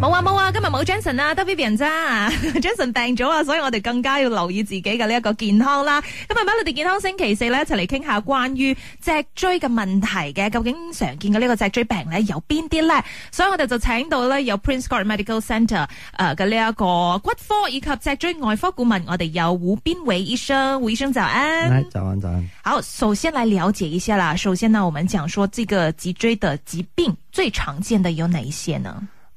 冇啊冇啊，今日冇 Jenson 啦、啊，得 Vivian 咋、啊、 ？Jenson 病咗啊，所以我哋更加要留意自己嘅呢一個健康啦。今日祝你哋健康，星期四咧，一齊嚟傾下關於脊椎嘅問題嘅，究竟常見嘅呢個脊椎病咧有邊啲咧？所以我哋就請到咧有 Prince Court Medical Center 誒嘅呢一個骨科以及脊椎外科顧問，我哋有胡邊偉醫生，胡醫生早安。係，早安早安。好，首先嚟了解一下啦。首先呢，我們講說這個脊椎的疾病，最常見的有哪一些呢？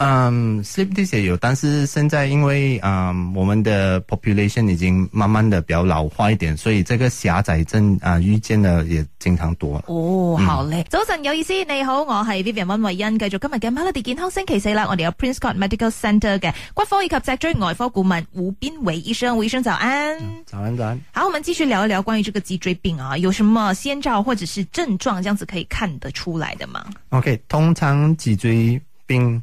嗯、um,，slip disc 有，但是現在因為，嗯、um,，我們的 population 已經慢慢的比較老化一點，所以這個狹窄症啊，遇見的也經常多哦。好嘞，嗯、早晨有意思，你好，我係 Vivian 溫慧欣，繼、嗯、續今日嘅 Melody 健康星期四啦。我哋有 Prince Court Medical Centre 嘅骨科以及脊椎外科顧問吳斌偉醫生，吳醫生早安。早安早安。好，我們繼續聊一聊關於這個脊椎病啊，有什麼先兆或者是症狀，這樣子可以看得出來的嗎？OK，通常脊椎病。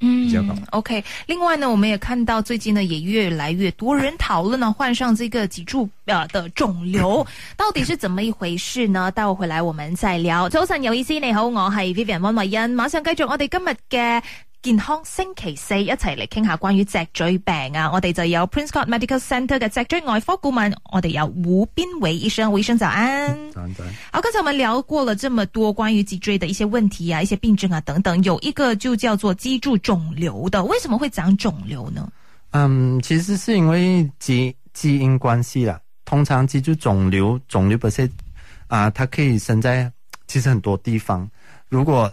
嗯，OK。另外呢，我們也看到最近呢，也越來越多人討論呢，患上這個脊柱的腫瘤， 到底是怎麼一回事呢？待會回來，我們再聊。早晨，有意思，你好，我係 Vivian 溫慧欣，馬上繼續我哋今日嘅。健康星期四一齊嚟傾下關於脊椎病啊！我哋就有 Prince Court Medical Centre 嘅脊椎外科顧問，我哋有胡邊偉醫生，胡醫生早安。早安。早安好，剛才我們聊過了這麼多關於脊椎的一些問題啊，一些病症啊等等，有一個就叫做脊柱腫瘤的，為什麼會長腫瘤呢？嗯，其實是因為基基因關係啦。通常脊柱腫瘤，腫瘤本身啊，它可以生在其實很多地方，如果。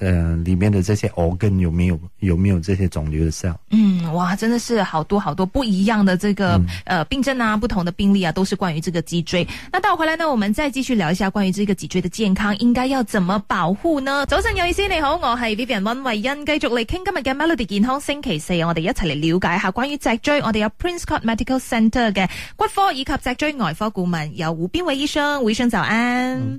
嗯，裏面的這些 organ 有沒有，有沒有這些腫瘤的 cell？嗯，哇，真的是好多好多不一樣的這個，呃，病症啊，不同的病例啊，都是關於這個脊椎。那到回來呢，我們再繼續聊一下關於這個脊椎的健康，應該要怎麼保護呢？早晨有意思，劉醫生你好，我係 Vivian 溫慧欣，繼續嚟傾今日嘅 Melody 健康。星期四我哋一齊嚟了解下關於脊椎，我哋有 Prince Court Medical Centre 嘅骨科以及脊椎外科顧問有胡邊偉醫生，胡醫生早安。